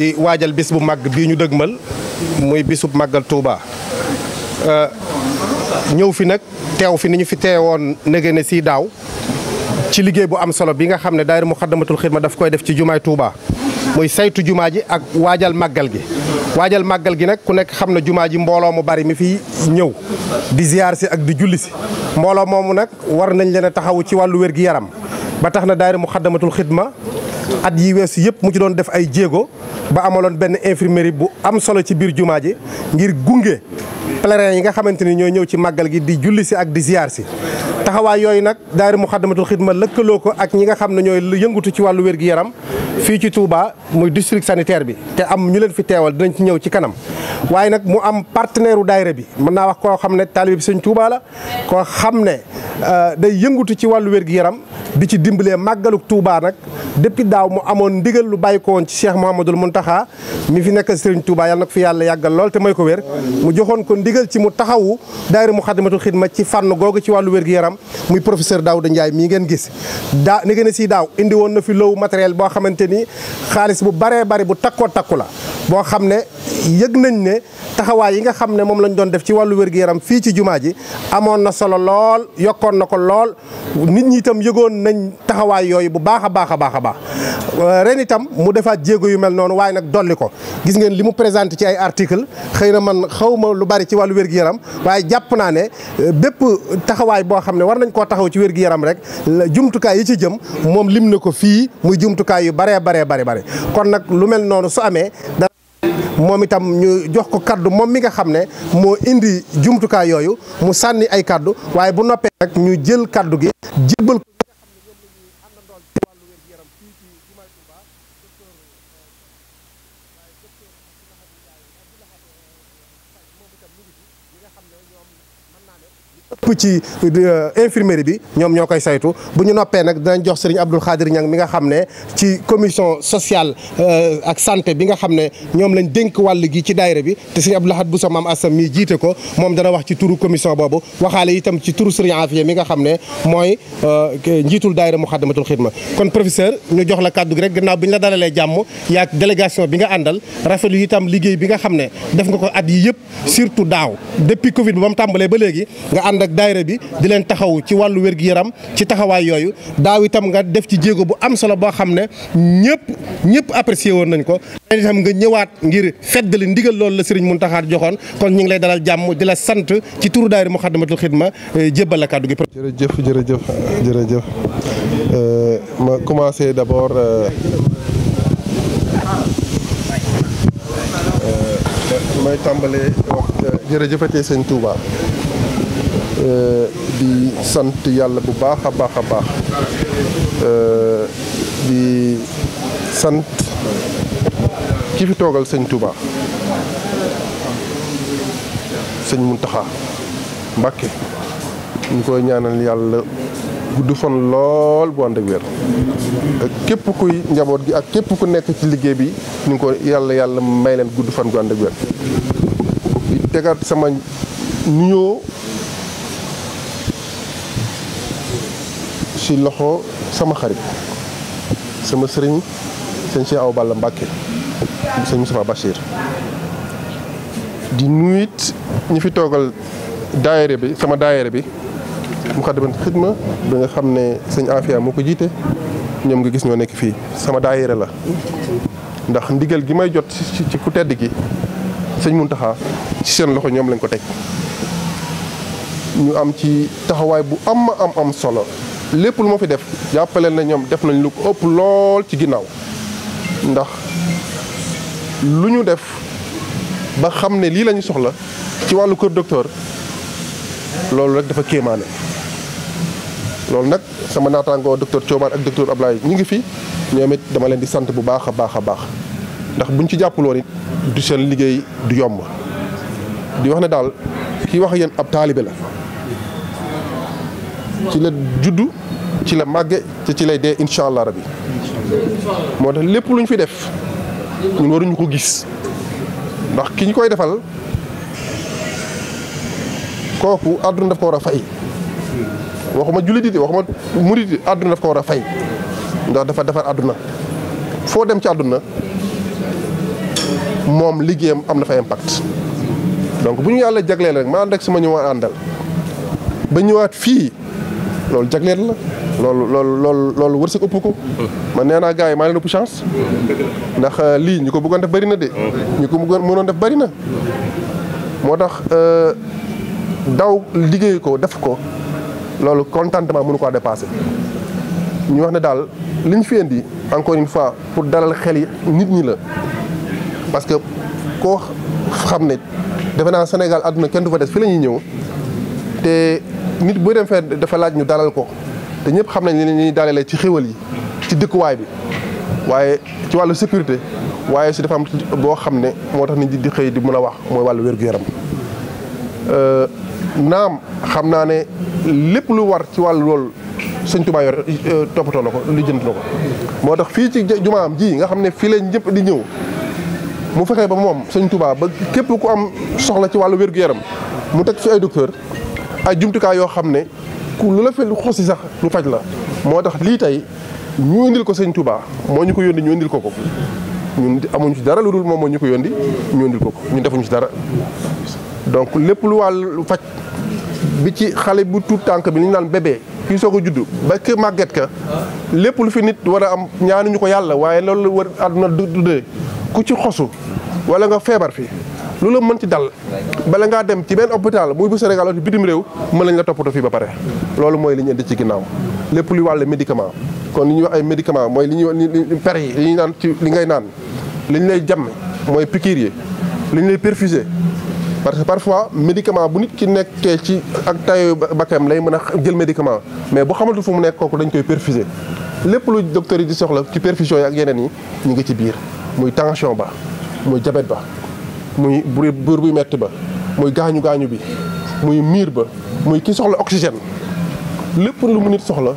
di waajal bis bu màgg bii ñu dëgmal muy bisub màggal Touba. Euh, ñëw fi nag teew fi ni ñu fi teewoon nege ne sii daaw ci liggéey bu am solo bi nga xam ne daayira Muxaddamatul Xidma daf koy def ci jumaay Touba. muy saytu jumaa ji ak waajal màggal gi waajal màggal gi nag ku nekk xam na jumaa ji mbooloo mu bari mi fi ñëw di ziyaar si ak di julli si mbooloo moomu nag war nañ leen a taxawu ci wàllu wér gi yaram ba tax na daayira Muxaddamatul Xidma at yi weesu yëpp mu ci doon def ay jéego ba amaloon benn infirmerie bu am solo ci biir jumaa ji ngir gunge pèlerin yi nga xamante ni ñooy ñëw ci màggal gi di julli si ak di ziar si taxawaay yooyu nag daayira Muxaddamatul Xidma lëkkaloo ko ak ñi nga xam ne ñooy yëngutu ci wàllu wér-gi-yaram fii ci tuubaa muy district sanitaire bi te am ñu leen fi teewal dinañ ci ñëw ci kanam waaye nag mu am partenaire u daayira bi mën naa wax koo xam ne taalibe bi sëñ Touba la xam ne euh, day yëngutu ci wàllu wér yaram di ci dimbalee màggaluk Touba nag depuis daaw mu amoon ndigal lu bàyyi ko woon ci Cheikh Mouhamadoul Mountakha mi fi nekk Serigne Touba yàlla na ko fi yàlla yàggal lool te may ko wér mu joxoon ko ndigal ci mu taxawu daayira Moukhaddamatoul Khidma ci fànn googu ci wàllu wér-gu-yaram muy professeur Daouda Ndiaye mii ngeen gis daa ni ngeen si daaw indi woon na fi lowu matériel boo xamante ni xaalis bu baree bari bu takkoo takku la boo xam ne yëg nañ ne taxawaay yi nga xam ne moom lañ doon def ci wàllu wér yaram fii ci jumaa ji amoon na solo lool yokkoon na ko lool nañ taxawaay yooyu bu baax a baax a baax a baax euh, ren itam mu defaat jéego yu mel noonu waaye nag dolli ko gis ngeen li mu présenté ci ay article xëy na man xaw ma lu bari ci wàllu wér-gu-yaram waaye jàpp naa ne euh, bépp taxawaay boo xam ne war nañ koo taxaw ci wér-gu-yaram rek jumtukaay yi ci jëm moom lim na ko fii muy jumtukaay yu baree bare bari bari kon nag lu mel noonu su amee moom itam ñu jox ko kaddu moom mi nga xam ne moo indi jumtukaay yooyu mu sànni ay kaddu waaye bu noppee ñu jël kaddu gi ci euh, infirmerie bi ñoom ñoo koy saytu bu ñu noppee nag dinañ jox sëriñ Abdul Xaadir Ñang mi nga xam ne ci commission sociale euh, ak santé bi nga xam ne ñoom lañ dénk wàll gi ci daayira bi te sëriñ Abdul Ahad bu sa maam Assam mii jiite ko moom dana wax ci turu commission boobu waxaale itam ci turu sëriñ Afiya mi nga xam ne mooy euh, njiitul daayira Muxaddamatul Xidma kon professeur ñu jox la kàddu gi rek gannaaw bi ñu la dalalee jàmm yaa délégation bi nga àndal rafetlu itam liggéey bi nga xam ne def nga ko at yi yëpp surtout daaw depuis Covid bi tàmbalee ba léegi nga daayira bi di leen taxaw ci wàllu wér-gu-yaram ci taxawaay yooyu daaw itam nga def ci jéego bu am solo boo xam ne ñëpp ñëpp apprécié woon nañ ko ren nga ñëwaat ngir feddali ndigal loolu la mun Mountakha joxoon kon ñu ngi lay dalal jàmm di la sant ci turu daayira Moukhaddamatoul Khidma eh, jébbal la kàddu gi. jërëjëf jërëjëf jërëjëf eh, ma commencé d'abord eh, may tàmbalee wax jërëjëfatee sëñ Touba. Euh, di sant yàlla bu baax a baax a baax euh, di sant ki fi toogal sëñ Touba sëñ Mountakha Mbacké ñu koy ñaanal yàlla gudd fan lool bu ànd ak wér képp kuy njaboot gi ak képp ku nekk ci liggéey bi ñu ko yàlla yàlla may leen gudd fan gu ànd ak wér di tegaat sama nuyoo ci loxo sama xarit sama sëriñ sëñ Cheikh Awa Balla Mbacke sëñ Moustapha Bachir di nuyit ñi fi toogal daayere bi sama daayere bi mu xaddamat xidma bi nga xam ne sëñ Afia moo ko jiite ñoom nga gis ñoo nekk fii sama daayere la ndax ndigal gi may jot ci ku tedd gi sëñ Muntaxa ci seen loxo ñoom lañ ko teg ñu am ci taxawaay bu am am am solo lépp lu ma fi def jàppale na ñoom def nañ lu ko ëpp lool ci ginnaaw ndax lu ñu def ba xam ne lii la soxla ci wàllu kër docteur loolu rek dafa kéemaane loolu nag sama naataangoo docteur Thioban ak docteur Ablaye ñu ngi fi ñoom it dama leen di sant bu baax a baax a baax ndax buñ ci jàppuloon it du seen liggéey du yomb di wax ne daal kii wax ak yéen ab taalibe la ci la juddu ci la màgge ci lay dee incha allah rabi moo tax lépp lu ñu fi def ñun waruñu ko gis ndax ki ñu koy defal kooku àdduna daf ko war a fay waxuma jullit yi waxuma murit yi àdduna daf ko war a fay ndax dafa defar àdduna foo dem ci àdduna moom liggéeyam am na fa impact donc bu ñu yàlla jagleel rek ma ànd ak sama ñëwaat àndal ba ñëwaat fii loolu jagleel la loolu loolu loolu loolu wërsëg ëpp ko man nee naa gars yi maa leen ëpp chance ndax euh, lii ñu ko bëggoon def bëri na de ñu ko bëggoon mënoon def bëri na moo tax euh, daw liggéey ko def ko loolu contentement mënu ko dépassé ñu wax ne daal liñ ñu fi indi encore une fois pour dalal xel yi nit ñi la parce que koo xam ne defe naa Sénégal àdduna kenn du fa des fi la ñuy ñëw te nit bu dem fee dafa laaj ñu dalal ko te ñëpp xam nañ ne ñuy dalalee ci xéwal yi ci dëkkuwaay bi waaye ci wàllu sécurité waaye si dafa am boo xam ne moo tax nit ñi di xëy di mun a wax mooy wàllu wér-gu-yaram euh, naam xam naa ne lépp lu war ci wàllu loolu sëñ Tuubaa yor euh, toppatoo na ko lu ko moo tax fii ci am ji nga xam ne fii lañ ñëpp di ñëw mu fexe ba moom sëñ tubaa ba képp ku am soxla ci wàllu wér-gu-yaram mu teg fi ay docteur ay jumtukaay yoo xam ne ku lu xos si sax ñu faj la moo tax lii tey ñu indil ko sëñ Touba moo ñu ko yónni ñu indil ko ko ñun ci dara lu moom moo ñu ko yónni ñu ko ko ñun defuñu si dara donc lépp lu lu faj bi ci xale bu tuut tànk bi li ñu naan bébé fii soog a juddu ba ke màgget ka lépp lu fi nit war a am ñaanuñu ko yàlla waaye loolu la war àdduna du dee ku ci xosu wala nga feebar fi lu la mën ci dal bala ngaa dem ci benn hôpital muy bu Sénégal wala bitim réew mën nañ la toppatoo fii ba pare loolu mooy li ñu indi ci ginnaaw lépp lu wàll médicament kon li ñuy wax ay médicament mooy li ñuy wax per yi li ñuy naan ci li ngay naan li ñu lay jàmm mooy piqûre yi li lay perfusé parce que parfois médicament bu nit ki nekkee ci ak tayo bakkeem lay mën a jël médicament mais bu xamatu fu mu nekk kooku dañ koy perfusé lépp lu docteur yi di soxla ci perfusion yi ak yeneen yi ñu ngi ci biir muy tension ba muy jabet ba muy buur bu metti ba muy gaañu gaañu bi muy miir ba muy ki soxla oxygène lépp lu mu nit soxla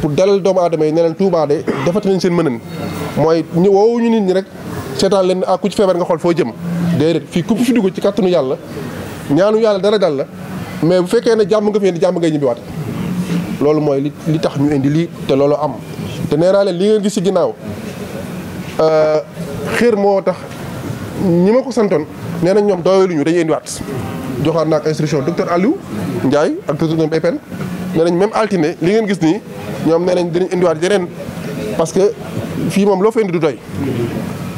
pour dalal doomu aadama yi ne leen Touba de defati nañ seen mënën mooy ñu ñu nit ñi rek seetaan leen ak ah, ku ci feebar nga xool foo jëm. déedéet fii ku fi dugg ci kàttanu yàlla ñaanu yàlla dara dal la mais bu fekkee ne jàmm nga fi indi jàmm ngay ñibbiwaat loolu mooy li li tax ñu indi lii te loolu am te nee leen li ngeen gis ci ginnaaw euh, xër moo tax. ñi ma ko santoon nee nañ ñoom doyelu ñu dañuy indiwaat joxaan naa ak instruction docteur Aliou Ndiaye ak docteur Epen ñu nañ même altine li ngeen gis nii ñoom nee nañ dinañ indiwaat yeneen parce que fii moom loo fa indi du doy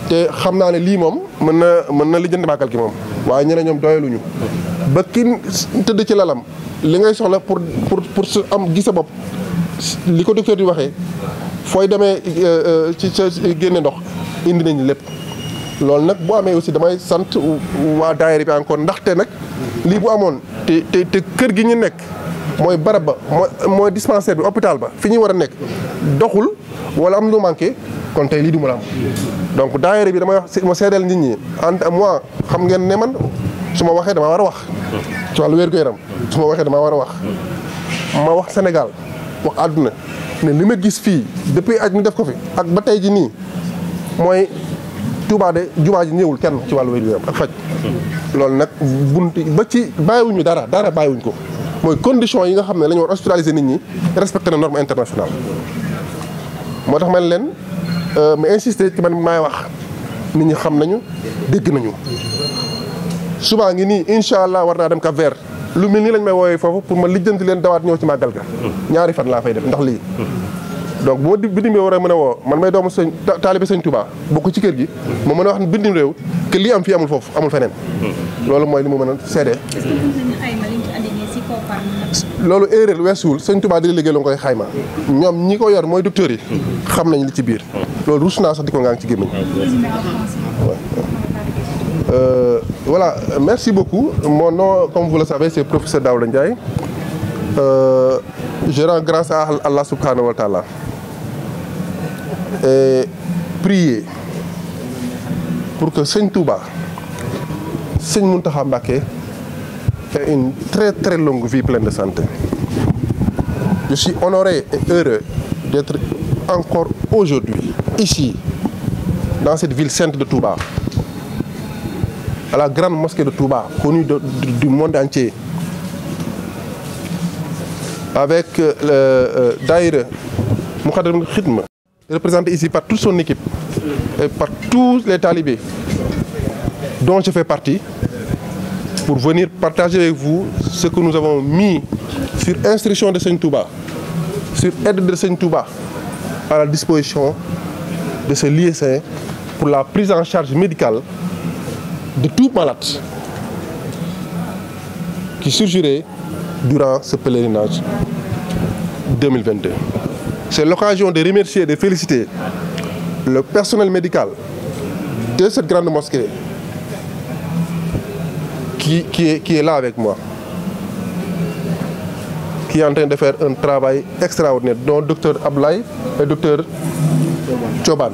te xam naa ne lii moom mën na mën na lijjanti màggal gi moom waaye ñeneen ñoom doyaluñu ba ki tëdd ci lalam li ngay soxla pour pour pour su am gis bopp li ko docteur di waxee fooy demee euh, euh, ci sa génne ndox indi nañ lépp loolu nag boo amee aussi damay sant waa daayira bi encore ndaxte nag lii bu amoon te te te kër gi ñu nekk mooy barab ba mooy mooy dispensaire bi hôpital ba fi ñu war a nekk doxul wala am lu manqué kon tey lii du mu la am. donc daayira bi damay wax ma seedeel nit ñi en moi xam ngeen ne man su ma waxee damaa war a wax. ci wàllu wér gu yaram su ma waxee damaa war a wax. ma wax Sénégal wax àdduna ne li ma gis fii depuis aj mu def ko fi ak ba tey ji nii mooy. Touba de jumaa ji ñëwul kenn ci wàllu wér gu yaram ak faj loolu nag bunt ba ci bàyyiwuñu dara dara bàyyiwuñ ko mooy condition yi nga xam ne la ñu war hospitaliser nit ñi respecté na norme internationale moo tax man leen euh, ma insister ci man maay wax nit ñi xam nañu dégg nañu subaa ngi nii incha allah war naa dem ka Vert lu mel nii lañ may woowee foofu pour ma lijjanti leen dawaat ñëw ci màggal ga hmm. ñaari fan laa fay def ndax lii hmm. donc bu ma bindim réew war a mën a woo man may doomu sëñ taalibe sëñ Touba bokk ci kër gi moo mën a wax ne bindim réew que lii am fii amul foofu amul feneen loolu mooy li mu mën a seede loolu erreur weesuwul sëñ Touba di liggéey la nga koy xayma ñoom ñi ko yor mooy docteur yi xam nañ li ci biir loolu rus naa sax di ko ngaa ngi ci gémmiñ euh, voilà merci beaucoup mon nom comme vous le savez c'est professeur Daouda Ndiaye euh, je rends à Allah subhanahu wa et prier pour que Seigne Touba, Seigne Muntaha Mbake ait une très très longue vie pleine de santé. Je suis honoré et heureux d'être encore aujourd'hui ici, dans cette ville sainte de Touba, à la grande mosquée de Touba, connue de, de, du monde entier, avec euh, le euh, Daïre Moukhadim représenté ici par toute son équipe, et par tous les talibés dont je fais pour venir partager avec vous ce que nous avons de Seigne Touba, sur aide de Seigne Touba, à la disposition de ce pour la prise en charge médicale de tout malade qui surgirait durant ce pèlerinage 2022. C'est l'occasion de remercier et de féliciter le personnel médical de cette grande mosquée qui, qui, est, qui est là avec moi, qui est en train de faire un travail extraordinaire, dont le docteur Ablaï et le docteur Choban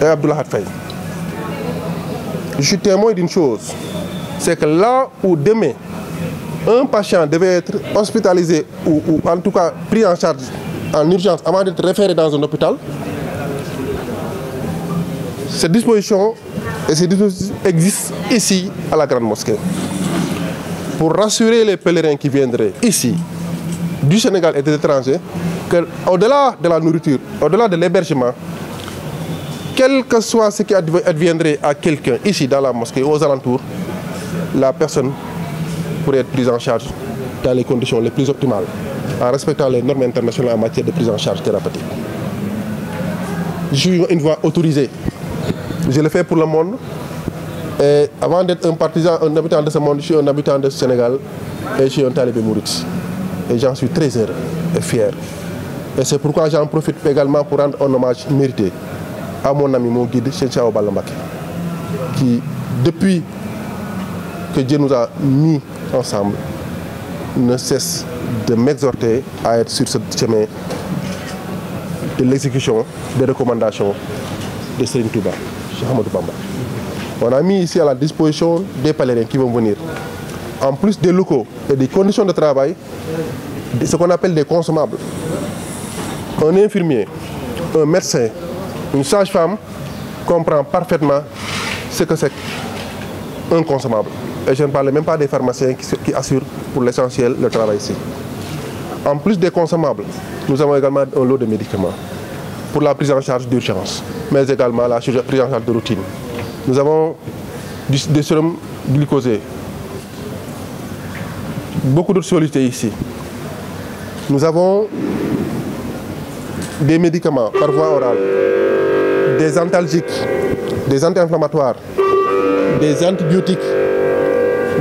et Abdullah Faye. Je suis témoin d'une chose, c'est que là où demain, un patient devait être hospitalisé ou en tout cas pris en charge en urgence avant d'être référé dans un hôpital cette disposition et ces dispositions existent ici à la Grande Mosquée pour rassurer les pèlerins qui viendraient ici du Sénégal et de l'étranger que au-delà de la nourriture au-delà de l'hébergement quel que soit ce qui adviendrait à quelqu'un ici dans la mosquée ou aux alentours la personne pourrait être prise en charge dans les conditions les plus optimales en respectant les normes internationales en matière de prise en charge thérapeutique. Je suis une voix autorisée. Je le fais pour le monde. Et avant d'être un partisan, un habitant de ce monde, je suis un habitant Sénégal et je suis un talibé mourix. Et j'en suis très heureux et fier. Et c'est pourquoi j'en profite également pour rendre un hommage mérité à mon ami, mon guide, Chenchao Balambake, qui, depuis que Dieu nous a mis ensemble, ne cesse de m'exhorter à être sur ce chemin de l'exécution des recommandations de Serigne Touba, On a mis ici à la disposition des pèlerins qui vont venir. En plus des locaux et des conditions de travail, ce qu'on appelle des consommables. Un infirmier, un médecin, une sage-femme comprend parfaitement ce que c'est un consommable. Et je ne parle même pas des pharmaciens qui assurent pour l'essentiel le travail ici. En plus des consommables, nous avons également un lot de médicaments pour la prise en charge d'urgence, mais également la prise en charge de routine. Nous avons du, des sérums glucosés, beaucoup d'autres solutés ici. Nous avons des médicaments par voie des antalgiques, des anti-inflammatoires, des antibiotiques,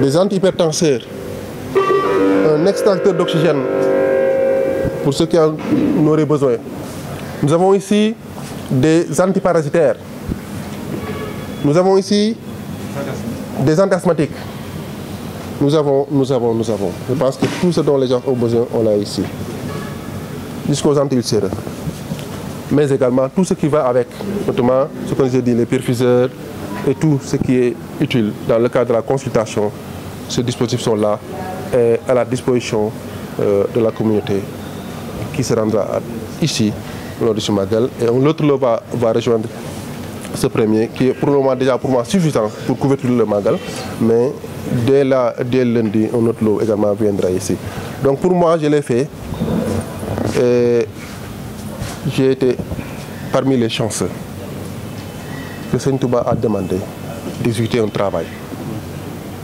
des antihypertenseurs, un extracteur d'oxygène pour ceux qui en auraient besoin. Nous avons ici des antiparasitaires. Nous avons ici des antasthmatiques. Nous avons, nous avons, nous avons. Je pense que tout ce dont les gens ont besoin, on l'a ici. Jusqu'aux anti-ulcéreux. Mais également tout ce qui va avec, notamment ce qu'on a dit, les perfuseurs et tout ce qui est utile dans le cadre de la consultation Ces dispositifs sont là et à la disposition euh, de la communauté qui se rendra ici lors du Magal. Et l'autre lot va, va rejoindre ce premier qui pour le moment déjà pour moi suffisant pour couvrir le Magal. Mais dès, la, dès lundi, un autre lot également viendra ici. Donc pour moi, je l'ai fait et j'ai été parmi les chanceux que Seigne Touba a demandé d'exécuter un travail.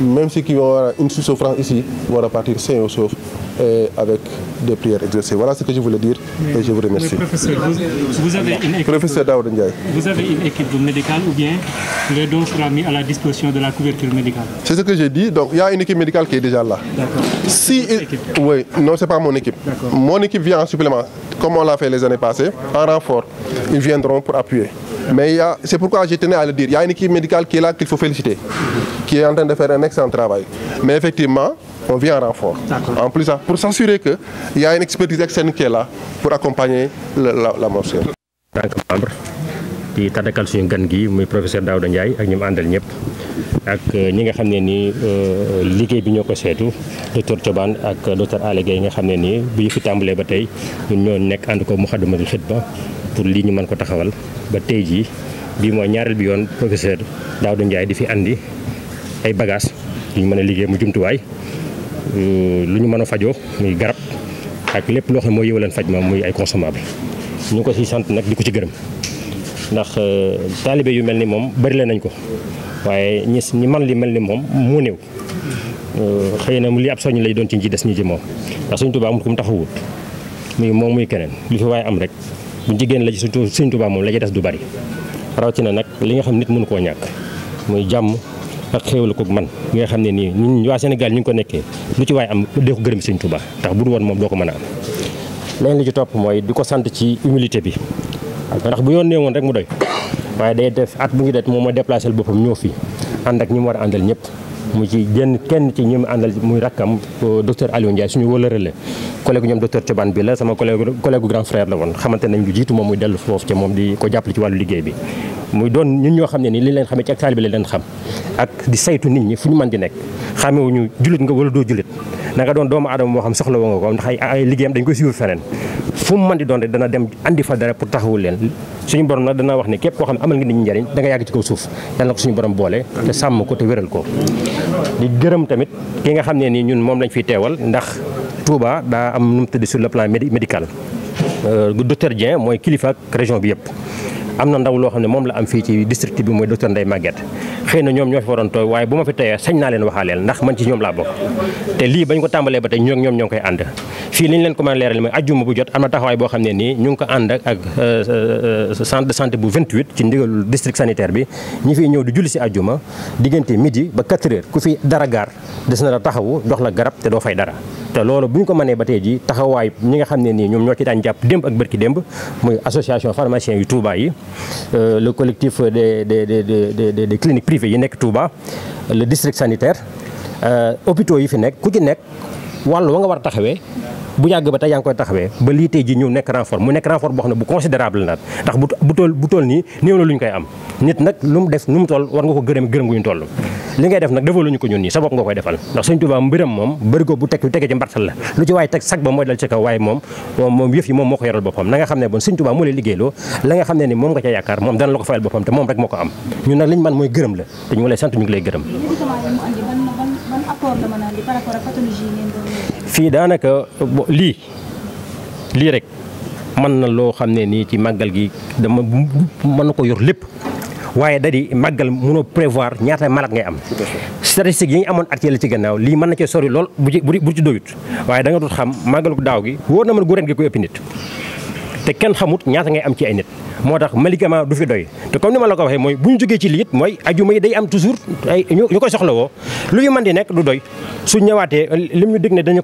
même ceux qui vont avoir une souffrance ici vont repartir sains et saufs et avec des prières exercées. Voilà ce que je voulais dire oui. et je vous remercie. Oui, professeur, vous, vous, avez une équipe, professeur vous avez une équipe médicale ou bien le don sera mis à la disposition de la couverture médicale C'est ce que j'ai dit. Donc il y a une équipe médicale qui est déjà là. D'accord. Si il, oui, non, c'est pas mon équipe. Mon équipe vient en supplément, comme on l'a fait les années passées, en renfort. Ils viendront pour appuyer. Mais c'est pourquoi je tenais à le dire. Il y a une équipe médicale qui est là qu'il faut féliciter. qui est en train de faire un excellent travail. Mais effectivement, on vient en renfort. En plus, pour s'assurer qu'il y a une expertise externe qui est pour accompagner la, la, la motion. di tàttakal suñu gan gi muy professeur Daouda Ndiaye ak ñu mu àndal ñëpp ak euh, ñi nga xam ne nii euh, liggéey bi ñoo ko seetu docteur Thioban ak euh, docteur Aly Gueye nga xam ne nii bu ñu fi tàmbalee ba tey ñun ñoo nekk ànd ko Moukhaddamatoul Khidma pour lii ñu mën ko taxawal ba tey jii bii mooy ñaareel bi yoon professeur Daouda Ndiaye di fi andi ay bagages yu mën a liggéey mu jumtuwaay euh, lu ñu mën a fajoo muy garab ak lépp loo xam ne mooy yëwaleen faj ma muy ay consommable ñu ko ci sant nag di ko ci gërëm ndax euh, taalibe yu mel ni moom bari la nañ ko waaye ñi ñi man li mel ni moom mu néew euh, xëy na li ab soññ lay doon ci ñi des ñi ci moom ndax Sëñ Tuubaa amul ku mu taxawut muy moom muy keneen li fi waaye am rek bu jigéen la ci Sëñ Tuubaa moom la des du bari rawatina nag li nga xam nit mënu koo ñàkk muy jàmm ak xéewal koog man bi nga xam ne nii ñun waa Sénégal ñu ngi ko nekkee lu ci waaye am dee ko gërëm sëñ Touba ndax bu dul woon moom doo ko mën a am leneen li ci topp mooy di ko sant ci humilité bi ndax bu yónnee woon rek mu doy waaye day def at bu ngi det moom mooy déplacé boppam ñëw fii ànd ak mu war a àndal ñëpp mu ci génn kenn ci ñi mu àndal muy rakkam euh, docteur Aliou Ndiaye suñu wëlëre la collègue ñoom docteur Thioban bi la sama collègue collègue grand frère la woon xamante nañ jiitu moom muy dellu foofu ca moom di ko jàppale ci wàllu liggéey bi muy doon ñun ñoo xam ne ni li leen xamee ci ak taalibe la leen xam ak di saytu nit ñi fu ñu mën di nekk xamewuñu jullit nga wala doo jullit na nga doon doomu aadama moo xam soxla woo nga ko ndax ay ay liggéeyam dañ koy suivre feneen fu mën di doon dana dem andi fa dara pour taxawul leen suñu borom nag dana wax ne képp koo xam ne amal nga nit ñi da nga yàgg ci kaw suuf yal na borom boole te sàmm ko te wéral ko di gërëm tamit ki nga xam ne nii ñun moom lañ fiy teewal ndax Touba daa am nu mu tëdd sur le plan médical euh, docteur Dieng mooy kilifa ak région bi yëpp am na ndaw loo xam ne moom la am fii ci district bi mooy docteur Ndeye Maguette xëy na ñoom ñoo fi waroon tooy waaye bu ma fi teyee sañ naa leen waxaaleel ndax man ci ñoom laa bokk te lii bañ ko tàmbalee ba tey ñoo ñoom ñoo ngi koy ànd fii li ñu leen ko mën a leeral mooy xam ne ñu ngi ko ànd ak euh, euh, centre de santé bu 28 ci ndigalu district sanitaire bi ñi fiy ñëw di julli si ajjuma diggante midi ba 4 heures ku fi dara gaar des na la taxawu jox la garab te doo fay dara te loolu bu ñu ko mënee ba tey ji taxawaay ñi nga xam ne nii ñoom ñoo ci daan jàpp démb ak bërki démb muy association pharmacien yu Touba yi Euh, le collectif des de de de des cliniques privées yi nekk Touba le district sanitaire euh, hôpitaux yi fi nekk ku ci nekk wàllu wa nga war a taxawee. bu yàgg ba te yaa ngi koy taxawee ba lii tey ji ñëw nekk renfort mu nekk renfort boo xam ne bu considérable naat ndax bu bu toll bu nii néew na lu ñu koy am nit nag lu mu def nu mu toll war nga ko gërëm gërëm gu ñu toll li ngay def nag defal luñu ko ñun nii sa nga koy defal ndax Sëñ Tuubaa mbiram moom bëri ko bu teg tege ci mbartal la lu ci waaye teg sag ba mooy dal ci kaw waaye moom moom yëf yi moom moo ko yoral boppam na nga xam ne bon Sëñ Tuubaa moo lay ne ni moom nga ca yaakaar moom dana la ko fayal boppam fii daanaka lii lii rek mën na loo xam ne nii ci màggal gi dama mën na ko yor lépp waaye da di màggal mënoo prévoir ñaata malade ngay am. statistiques yi ñu amoon ak yële ci gannaaw lii mën na cee sori lool bu ci bu ci doyut waaye da dut xam màggalu daaw gi wóor na man gu ren gi koy ëpp nit. te kenn xamut ñaata ngay am ci ay nit moo tax médicament du fi doy te comme ni ma la ko waxee mooy bu ñu jógee ci liit mooy ajuma yi day am toujours ay ñu koy lu ñu mën di nekk du doy su ñëwaatee lim ñu dig ne dañu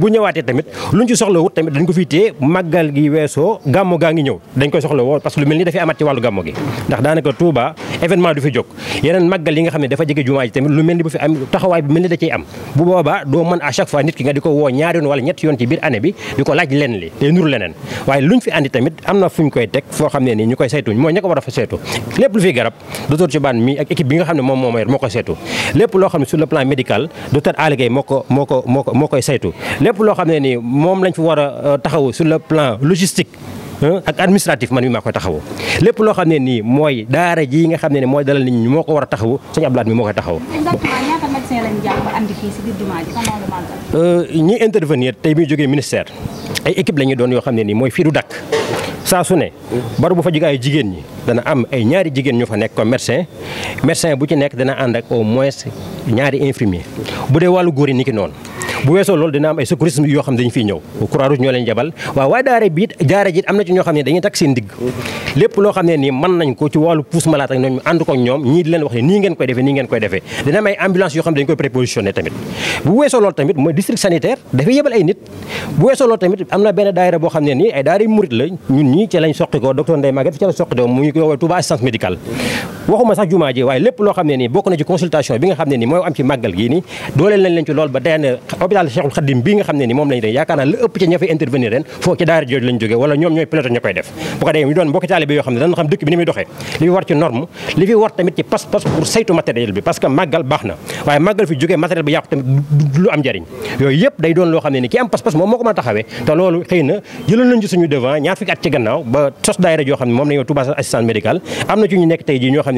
bu ñëwaatee tamit lu ñu ci soxlawut tamit dañ ko fiy téye màggal gi weesoo gàmmo gaa ngi ñëw dañ koy soxlawoo parce que lu mel ni dafay amat ci wàllu gàmmo gi ndax daanaka Touba événement du fi jóg yeneen màggal yi nga xam ne dafa jege jumaa ji tamit lu mel ni bu fi am taxawaay bi mel ni da cay am bu boobaa doo mën à chaque fois nit ki nga di ko woo ñaari yoon wala ñetti yoon ci biir année bi di ko laaj lenn li day nur leneen waaye luñ fi andi tamit am na fuñ koy teg foo xam ne nii ñu koy saytuñ mooy ña ko war a fa saytu lépp lu fi garab docteur Thioubane mi ak équipe bi nga xam ne moom moo yor moo koy saytu loo xam ne sur le plan médical moo ko moo ko moo ko moo koy saytu lépp loo xam ne nii moom lañ fi war a euh, taxaw sur le plan logistique ak administratif man mi maa koy taxawu lépp loo xam ne nii mooy daara ji nga xam ne ni mooy dalal nit ñi moo ko war a taxawu sëñ Abdoulaye mi moo koy taxawu. Euh, ñi intervenir tey bi jógee ministère ay équipe lañuy doon yoo xam ne nii mooy fii du dakk saa su ne bari bu fa jógee ay jigéen ñi. dana am ay ñaari jigéen ñu fa nekk comme médecin médecin bu ci nekk dana am ay secourisme yoo xam ne dañu ñëw ko ci wàllu pousse malade ak ñoom nii ngeen koy defee dina am ay ambulance yoo xam ne koy prépositionné tamit tamit bu weesoo loolu tamit am na benn daayira boo xam ne nii ay daara murit la ñun ñii ci lañ soqi ko docteur Ndeye Maguette ci la soqi ko Touba assistance médicale waxuma sax jumaa ji waaye lépp loo xam ne nii bokk na ci consultation bi nga xam ne nii mooy am ci màggal gii nii dooleel nañ leen ci lool ba day hôpital Cheikhul Khadim bii nga xam ne nii moom lañ dee yaakaar naa la ëpp ci ña xam ne dañu xam dëkk bi ni muy doxee li fi war ci norme li fi war tamit ci pas-pas pour saytu matériel bi parce que màggal baax na waaye màggal fi jógee matériel bi yàqu tamit lu am njariñ yooyu ko moom la ñoo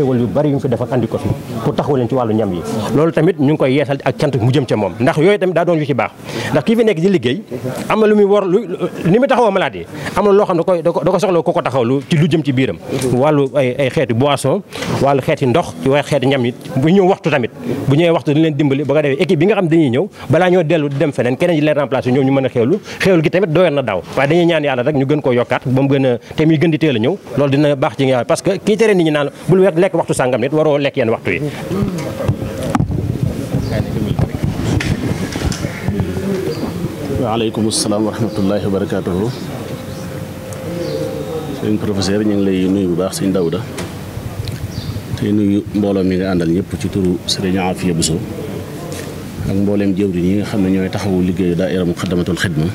xéewal yu bari yu mu fi defal andi ko fi pour taxaw leen ci wàllu ñam yi loolu tamit ñu ngi koy yeesal ak cant mu jëm ca moom ndax yooyu tamit daa doon yu ci baax ndax kii fi nekk di liggéey am na lu muy war lu ni mu taxawoo malade yi am na loo xam ne da ko soxla ko bu ñëw waxtu balaa ñoo dellu dem feneen keneen di leen remplacer ñëw ñu mën a xéewlu xéewlu gi tamit doyoon na daaw waaye dañuy ñaan yàlla rek ñu gën koo yokkaat ba mu gën a te muy gën di teel a ñëw loolu dina lekk waxtu sàngam nit waroo lekk yenn waxtu yi. waaleykum salaam wa rahmatullahi wa barakaatuhu. sëñ professeur ñu ngi lay nuyu bu baax sëñ Daouda tey nuyu mbooloo mi nga àndal ñëpp ci turu sëriñ Afia Bousso ak mbooleem jëwriñ yi nga xam ne ñooy taxawu liggéeyu daayira Muxaddamatul Xidma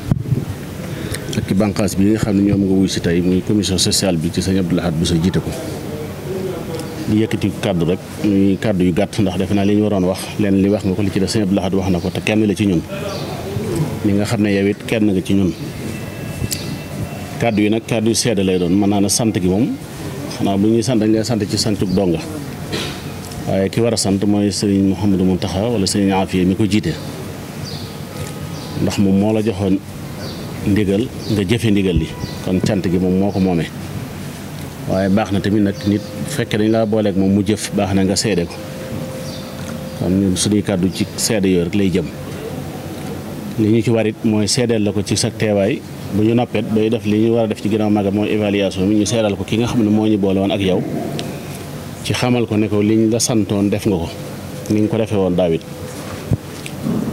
ak ci bànqaas bi nga xam ne ñoom nga wuy si tey muy commission sociale bi ci sëñ Abdoul Ahad Bousso jiite ko. di yëkkati kàddu rek ñuy kàddu yu gàtt ndax defe naa li ñu waroon wax leen li wax nga ko li ci def sëñ Abdou Lahad wax na ko te kenn la ci ñun li nga xam ne yow it kenn nga ci ñun kàddu yi nag kàddu yu sedd lay doon mën naa ne sant gi moom xanaa bu ñuy sant dañ lay sant ci santuk donga waaye ki war a sant mooy sëriñ Mouhamadou Mountakha wala sëriñ Afia mi ko jiite ndax moom moo la joxoon ndigal nga jëfe ndigal kon cant gi moom moo ko moomee waaye baax na tamit nag nit bu fekkee dañ laa booleek moom mu jëf baax na nga seede ko kon suñuy kàddu ci sedd yooyu lay jëm li ñu ci warit mooy seedeel la ko ci sa teewaay bu ñu noppet bay def li ñu war a def ci ginnaaw maga mooy évaluation bi ñu seedal ko ki nga xam ne moo ñu boole woon ak yow ci xamal ko ne ko ñu la santoon def nga ko ni nga ko defee woon daawit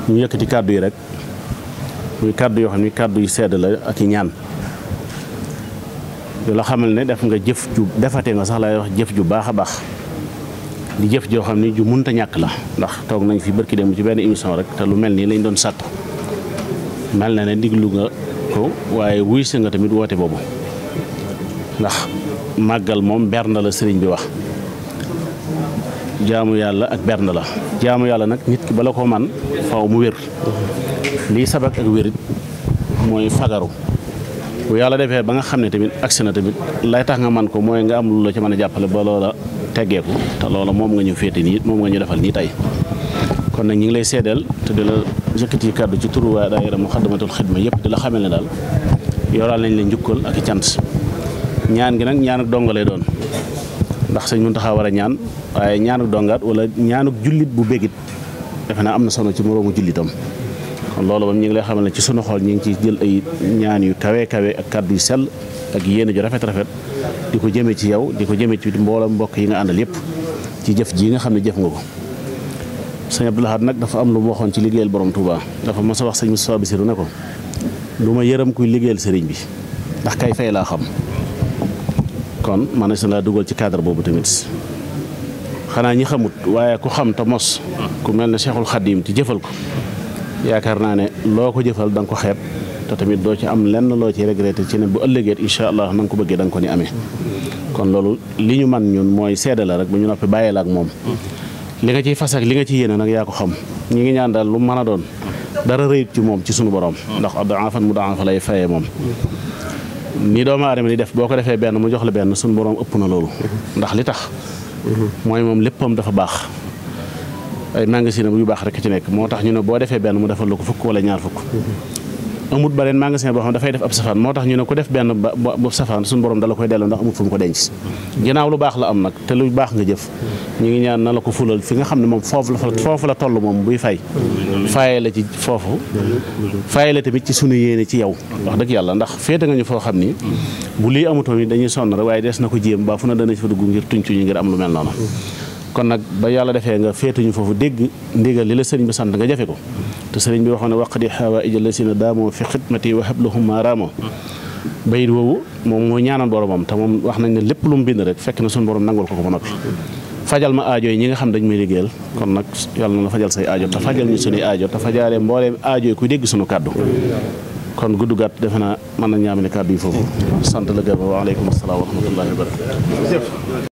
ñu yëkkati kàddu yi rek muy kàddu yoo xam ni kàddu yu sedd la ak i ñaan du la xamal ne def nga jëf ju defate nga sax laay wax jëf ju baax a baax di jëf joo xam ne ju munta ñàkk la ndax toog nañ fi barki dem ci benn émission rek te lu mel nii lañ doon sàkku mel na ne diglu nga ko waaye wuy sa nga tamit woote boobu ndax màggal moom bernde la sëriñ bi wax jaamu yàlla ak bernde la jaamu yàlla nag nit ki bala ko man faw mu wér lii sabab ak wérit mooy fagaru bu yàlla defee ba nga xam ne tamit agsi na tamit lay tax nga man ko mooy nga am lu la ci mën a jàppale ba loola teggeeku te loola moom nga ñu féete nii moom nga ñu defal nii tey kon nag ñu ngi lay seedeel te di la yëkkati kàddu ci turu waa daayira Muxaddamatul Xidma yëpp di la xamal ne daal yoral nañ la njukkal ak i cant ñaan gi nag ñaanuk donga lay doon ndax sëñ Muntaxa war a ñaan waaye ñaanuk dongaat wala ñaanuk jullit bu bégit defe naa am na solo ci moroomu jullitam loolu moom ñu ngi lay xamal ne ci sunu xol ñu ngi ciy jël ay ñaan yu kawe kawe ak kàddu yu sel ak yéen ju rafet rafet di ko jëmee ci yow di ko jëmee ci mboola mbokk yi nga àndal yëpp ci jëf ji nga xam ne jëf nga ko. sëñ Abdou Lahad nag dafa am lu mu waxoon ci liggéeyal borom Touba dafa mos a wax sa sëñ Moustapha Bassirou ne ko lu ma yërëm kuy liggéeyal sëriñ bi ndax kay fay laa xam kon man na laa dugal ci cadre boobu tamit. xanaa ñi xamut waaye ku xam te mos ku mel ne Cheikhul Khadim ci jëfal ko yaakaar naa ne loo ko jëfal da ko xeeb te tamit doo ci am lenn loo ci regretté ci ne bu ëllëgeet incha allah na nga ko bëggee da nga ko ni amee kon loolu li ñu man ñun mooy seede la rek bu ñu noppi bàyyee la ak moom li nga ciy fas ak li nga ciy yéene nag yaa ko xam ñi ngi ñaan daal lu mën a doon dara rëyut ci moom ci suñu borom ndax daafan mu daafa lay faye moom ni doomu aadama di def boo ko defee benn mu jox la benn suñu borom ëpp na loolu ndax li tax mooy moom léppam dafa baax nanga si na yu baax rek ci nekk moo tax ñu ne boo defee benn mu defal la ko fukk wala ñaar fukk amut bareen magasin boo xam dafay def ab safaan moo tax ñu ne ku def benn bu safaan suñu dala koy delloo ndax amut fu mu ko denc baax la am nag te lu baax nga jëf ñu ngi ñaan na la ko fi nga xam ne moom foofu la foofu la toll moom buy fay faye la ci foofu faye la tamit ci sunu yéene ci yow ndax dëgg yàlla ndax féete nga ñu foo xam ni bu lii amutoon yi dañuy sonn rek waaye des na ko jéem baa fu na dana ci fa dugg ngir tuñ tuñu ngir am lu mel noonu kon nag ba yàlla defee nga féetuñu foofu dégg ndigal li la sëriñ bi sant nga jafe ko te sëriñ bi waxoon ne waqdi xawaaija lasina daamoo fi xidmati wa hablahum ma raamoo bayit woowu moom moo ñaanal boromam te moom wax nañ ne lépp lu mu bind rek fekk na suñu borom nangul ko ko ba noppi fajal ma aajo yi ñi nga xam dañ may liggéeyal kon nag yàlla na la fajal say ajo te fajal ñu suñuy ajo te fajalee mbooleem aajo yi ku dégg suñu kàddu kon gudd gàtt defe naa mën na ñaamale kàddu yi foofu sant la gërëm waaleykum salaam wa rahmatullahi